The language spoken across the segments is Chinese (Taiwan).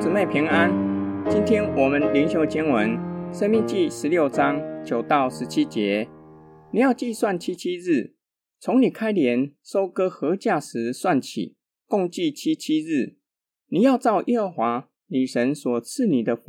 姊妹平安，今天我們靈修經文《申命記》十六章九到十七節。你要計算七七日，從你開鐮收割禾稼時算起，共計七七日。你要照耶和華你神所賜你的福，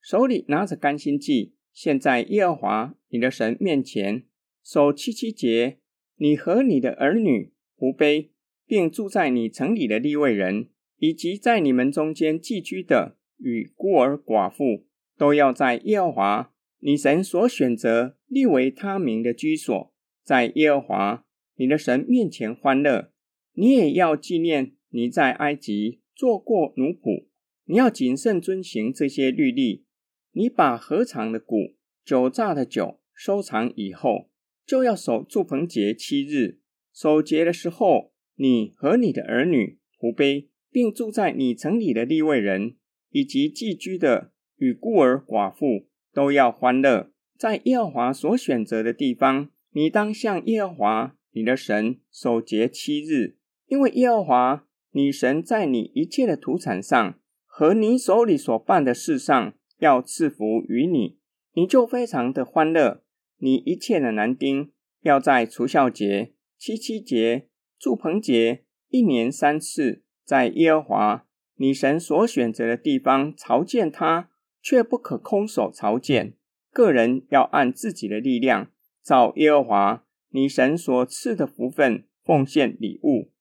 手裡拿着甘心祭，獻在耶和華你的神面前守七七節。你和你的兒女、僕婢，並住在你城裡的利未人。以及在你們中間寄居的與孤兒寡婦，都要在耶和華你神所選擇立為他名的居所，在耶和華你的神面前歡樂。你也要紀念你在埃及做過奴僕。你要謹慎遵行這些律例。你把禾場的穀、酒醡的酒收藏以後，就要守住棚節七日。守節的時候，你和你的兒女、僕婢。並住在你城裡的利未人，以及寄居的與孤兒寡婦，都要歡樂。在耶和華所選擇的地方，你當向耶和華你的神守節七日，因為耶和華你神在你一切的土產上和你手裡所辦的事上要賜福與你，你就非常的歡樂。你一切的男丁要在除酵節、七七節、住棚節，一年三次。在耶和華─你神所選擇的地方朝見他，卻不可空手朝見。各人要按自己的力量，照耶和華─你神所賜的福分，奉獻禮物。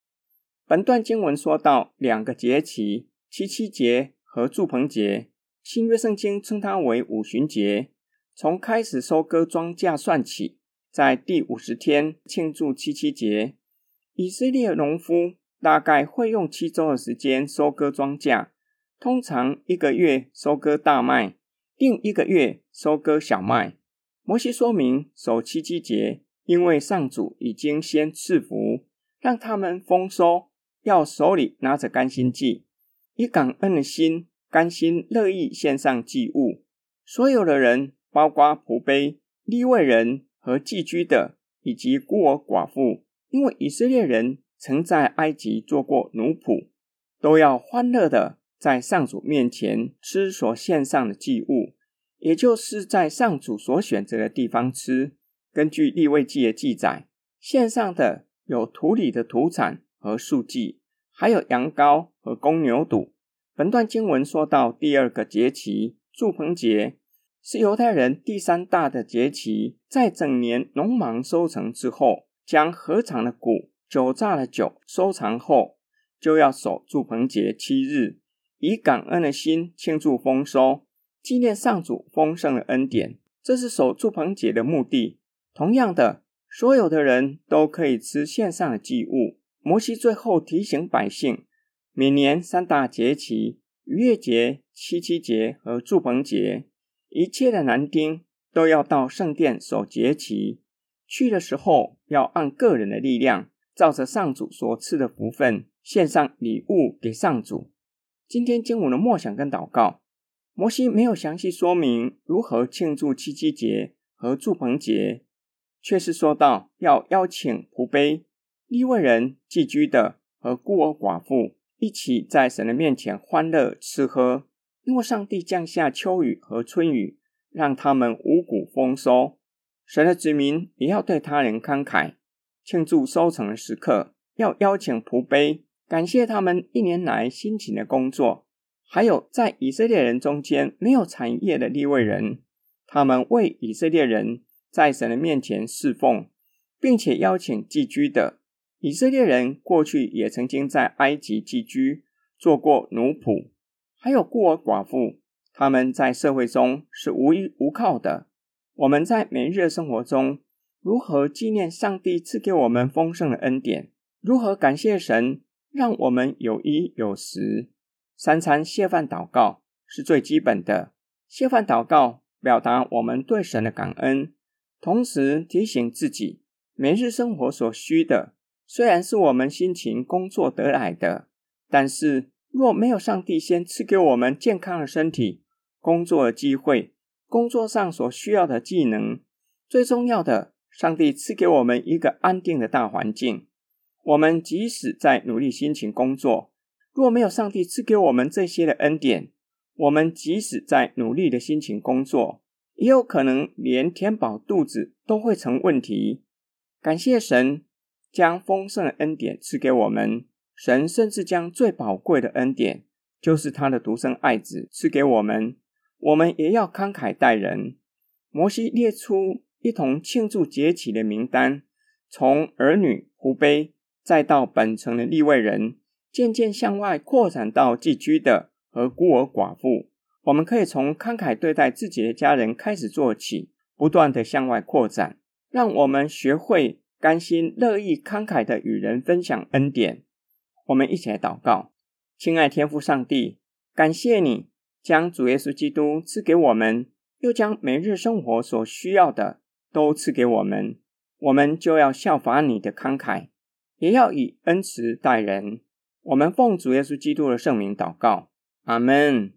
本段經文說到兩個節期：七七節和住棚節。新約聖經稱它為五旬節。從開始收割莊稼算起，在第五十天慶祝七七節。以色列農夫，大概會用七週的時間收割莊稼，通常一個月收割大麥，另一個月收割小麥。摩西說明守七七節，因為上主已經先賜福，讓他們豐收，要手裡拿着甘心祭，以感恩的心、甘心樂意獻上祭物。所有的人，包括僕婢、利未人和寄居的，以及孤兒寡婦，因為以色列人。曾在埃及做過奴僕，都要歡樂地在上主面前吃所獻上的祭物，也就是在上主所選擇的地方吃。根據利未記的記載，獻上的有土裡的土產和素祭，還有羊羔和公牛犢。本段經文說到第二個節期，住棚節，是猶太人第三大的節期，在整年農忙收成之後，將禾場的穀。酒醡的酒，收藏後就要守住棚節七日，以感恩的心慶祝豐收，紀念上主豐盛的恩典。這是守住棚節的目的。同樣的，所有的人都可以吃獻上的祭物。摩西最後提醒百姓，每年三大節期，逾越節、七七節和住棚節，一切的男丁都要到聖殿守節期，去的時候要按個人的力量。照着上主所賜的福分，獻上禮物給上主。今天經文的默想跟禱告，摩西沒有詳細說明如何慶祝七七節和住棚節，卻是說到要邀請僕婢、利未人、寄居的和孤兒寡婦一起在神的面前歡樂吃喝，因為上帝降下秋雨和春雨，讓他們五穀豐收。神的子民也要對他人慷慨。慶祝收成的時刻，要邀請僕婢，感謝他們一年來辛勤的工作。還有在以色列人中間沒有產業的利未人，他們為以色列人在神的面前侍奉，並且邀請寄居的以色列人。過去也曾經在埃及寄居，做過奴僕，還有孤兒寡婦，他們在社會中是無依無靠的。我們在每日生活中，如何紀念上帝賜給我們豐盛的恩典？如何感謝神讓我們有衣有食？三餐謝飯禱告是最基本的。謝飯禱告表達我們對神的感恩，同時提醒自己，每日生活所需的雖然是我們辛勤工作得來的，但是若沒有上帝先賜給我們健康的身體、工作的機會、工作上所需要的技能，最重要的。上帝賜給我們一個安定的大環境，我們即使再努力辛勤工作，若沒有上帝賜給我們這些的恩典，我們即使再努力的辛勤工作，也有可能連填飽肚子都會成問題。感謝神將豐盛的恩典賜給我們，神甚至將最寶貴的恩典，就是他的獨生愛子賜給我們。我們也要慷慨待人。摩西列出。一同慶祝節期的名單，從兒女、僕婢，再到本城的利未人，漸漸向外擴展到寄居的和孤兒寡婦。我們可以從慷慨對待自己的家人開始做起，不斷的向外擴展，讓我們學會甘心樂意、慷慨的與人分享恩典。我們一起來禱告，親愛天父上帝，感謝你將主耶穌基督賜給我們，又將每日生活所需要的。都賜給我們，我們就要效法你的慷慨，也要以恩慈待人。我們奉主耶穌基督的聖名禱告。阿門。